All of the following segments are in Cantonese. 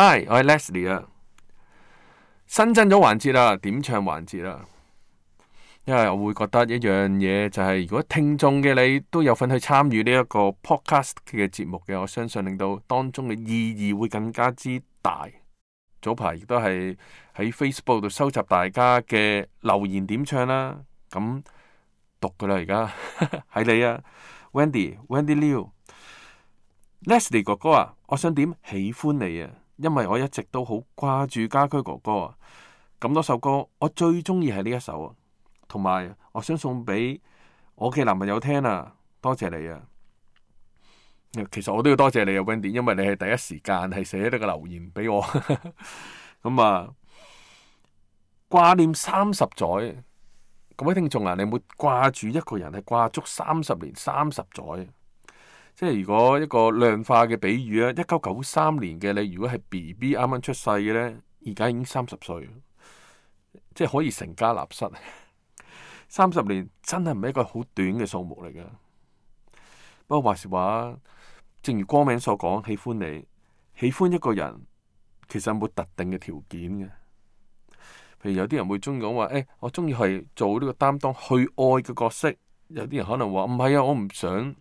Hi，我係 Leslie 啊，新增咗環節啦，點唱環節啦，因為我會覺得一樣嘢就係，如果聽眾嘅你都有份去參與呢一個 podcast 嘅節目嘅，我相信令到當中嘅意義會更加之大。早排亦都係喺 Facebook 度收集大家嘅留言點唱啦，咁讀噶啦，而家係你啊，Wendy，Wendy Liu，Leslie 哥哥啊，我想點喜歡你啊！因為我一直都好掛住家駒哥哥啊，咁多首歌，我最中意係呢一首啊，同埋我想送俾我嘅男朋友聽啊，多謝你啊！其實我都要多謝你啊，Wendy，因為你係第一時間係寫咗個留言俾我，咁啊掛念三十載，各位聽眾啊，你有冇掛住一個人係掛足三十年、三十載？即係如果一個量化嘅比喻咧，一九九三年嘅你，如果係 BB 啱啱出世嘅咧，而家已經三十歲，即係可以成家立室。三 十年真係唔係一個好短嘅數目嚟㗎。不過話時話，正如光明所講，喜歡你，喜歡一個人，其實有冇特定嘅條件嘅？譬如有啲人會中意講話，誒、哎，我中意係做呢個擔當去愛嘅角色。有啲人可能話唔係啊，我唔想。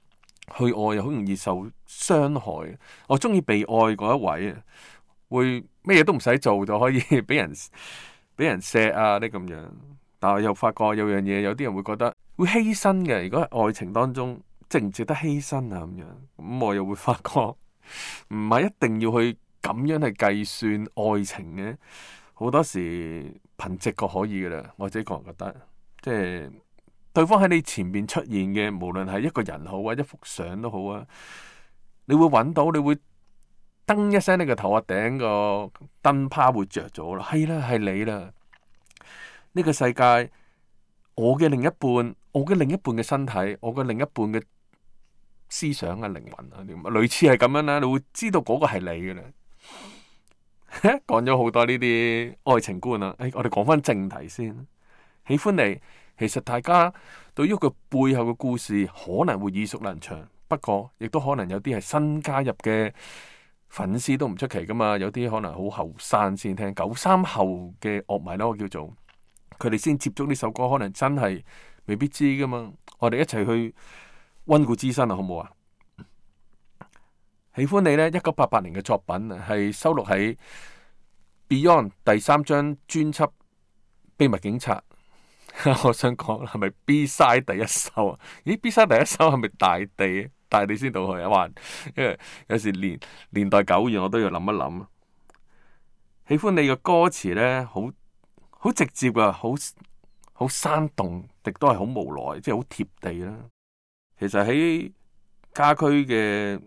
去愛又好容易受傷害，我中意被愛嗰一位啊，會咩嘢都唔使做就可以俾人俾人錫啊啲咁樣。但係又發覺有樣嘢，有啲人會覺得會犧牲嘅。如果喺愛情當中值唔值得犧牲啊咁樣，咁、嗯、我又會發覺唔係一定要去咁樣去計算愛情嘅。好多時憑直覺可以㗎喇，我自己個人覺得，即係。對方喺你前面出現嘅，無論係一個人好啊，一幅相都好啊，你會揾到，你會噔一聲，你個頭啊頂個燈泡會着咗啦，係啦，係你啦。呢個世界，我嘅另一半，我嘅另一半嘅身體，我嘅另一半嘅思想嘅、啊、靈魂啊，類似係咁樣啦，你會知道嗰個係你嘅啦。講咗好多呢啲愛情觀啦，誒、哎，我哋講返正題先，喜歡你。其實大家對於佢背後嘅故事可能會耳熟能詳，不過亦都可能有啲係新加入嘅粉絲都唔出奇噶嘛。有啲可能好後生先聽九三後嘅樂迷咯，我叫做佢哋先接觸呢首歌，可能真係未必知噶嘛。我哋一齊去溫故知新啦，好唔好啊？喜歡你呢一九八八年嘅作品係收錄喺 Beyond 第三張專輯《秘密警察。》 我想講係咪 B side 第一首啊？咦，B side 第一首係咪大地？大地先到去啊！話因為有時年年代久遠，我都要諗一諗。喜歡你嘅歌詞咧，好好直接啊，好好生動，亦都係好無奈，即係好貼地啦。其實喺家駒嘅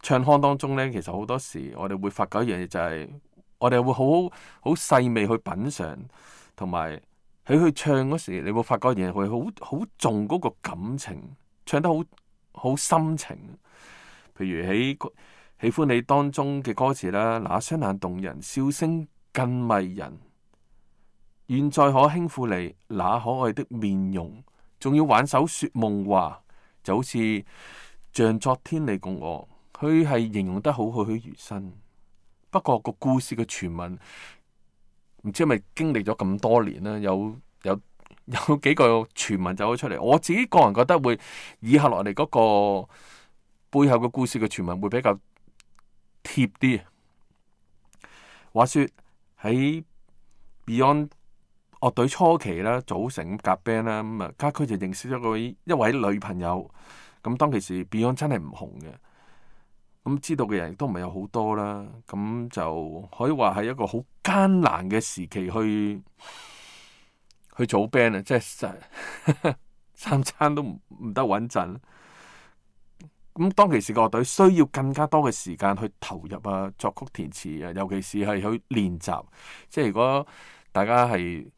唱腔當中咧，其實好多時我哋會發覺一樣嘢就係、是、我哋會好好細味去品嘗，同埋。喺佢唱嗰時，你有冇發覺原來佢好好重嗰個感情，唱得好好深情。譬如喺《喜歡你》當中嘅歌詞啦，那雙眼動人，笑聲更迷人，願再可輕撫你那可愛的面容，仲要挽手說夢話，就好似像昨天你共我。佢係形容得好栩栩如生，不過個故事嘅傳聞。唔知係咪經歷咗咁多年啦，有有有幾個傳聞走咗出嚟。我自己個人覺得會以下落嚟嗰個背後嘅故事嘅傳聞會比較貼啲。話說喺 Beyond 樂隊初期啦，組成夾 band 啦，咁啊家駒就認識咗個一位女朋友。咁當其時 Beyond 真係唔紅嘅。咁知道嘅人亦都唔係有好多啦，咁就可以話係一個好艱難嘅時期去去做 band 啊，即 係三餐都唔唔得穩陣。咁當其時個隊需要更加多嘅時間去投入啊，作曲填詞啊，尤其是係去練習。即係如果大家係，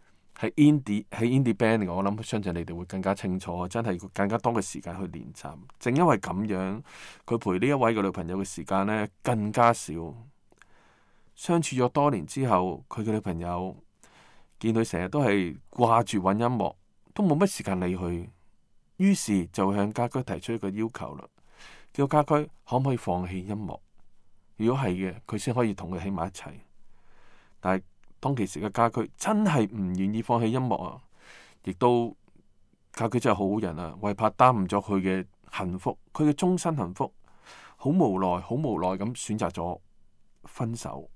喺 indy，係 indy band 嘅，我諗相信你哋會更加清楚，真係更加多嘅時間去練習。正因為咁樣，佢陪呢一位嘅女朋友嘅時間咧更加少。相處咗多年之後，佢嘅女朋友見佢成日都係掛住搵音樂，都冇乜時間理佢。於是就向家駒提出一個要求啦，叫家駒可唔可以放棄音樂？如果係嘅，佢先可以同佢喺埋一齊。但係。當其時嘅家駒真係唔願意放棄音樂啊！亦都家駒真係好好人啊，為怕耽誤咗佢嘅幸福，佢嘅終身幸福，好無奈，好無奈咁選擇咗分手，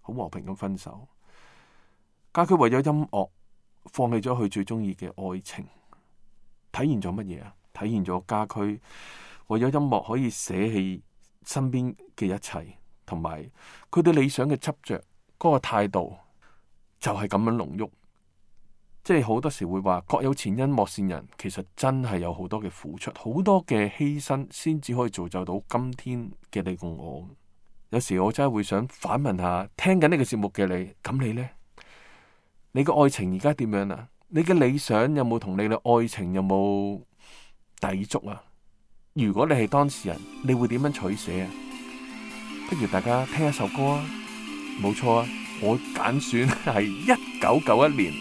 好和平咁分手。家駒為咗音樂放棄咗佢最中意嘅愛情，體現咗乜嘢啊？體現咗家駒為咗音樂可以捨棄身邊嘅一切，同埋佢對理想嘅執着嗰個態度。就係咁樣濃郁，即係好多時會話各有前因莫羨人，其實真係有好多嘅付出，好多嘅犧牲，先至可以造就到今天嘅你同我。有時我真係會想反問下聽緊呢個節目嘅你，咁你呢？你嘅愛情而家點樣啊？你嘅理想有冇同你嘅愛情有冇抵觸啊？如果你係當事人，你會點樣取捨啊？不如大家聽一首歌啊，冇錯啊。我揀選係一九九一年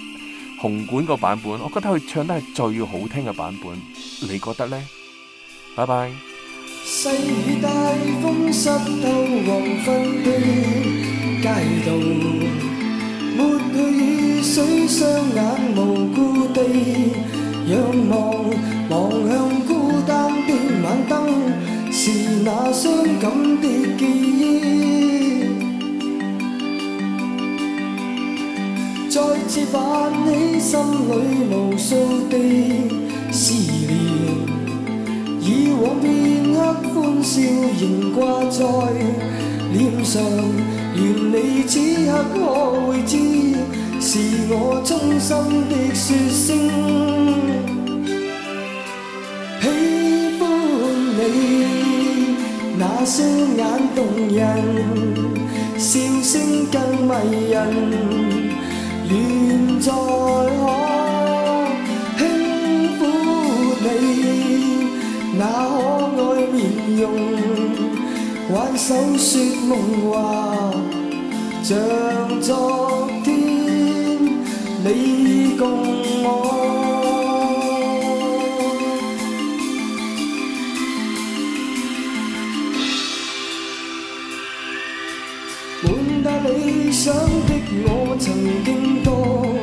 紅館個版本，我覺得佢唱得係最好聽嘅版本，你覺得呢？拜拜。細雨大風濕透黃昏的街道，抹去雨水雙眼無故地仰望，望向孤單的晚燈，是那傷感的記憶。再次泛起心裏無數的思念，以往片刻歡笑仍掛在臉上。願你此刻可會知，是我衷心的說聲喜歡你，那雙眼動人，笑聲更迷人。願再可輕撫你那可愛面容，挽手說夢話，像昨天你共我。理想的我曾經多。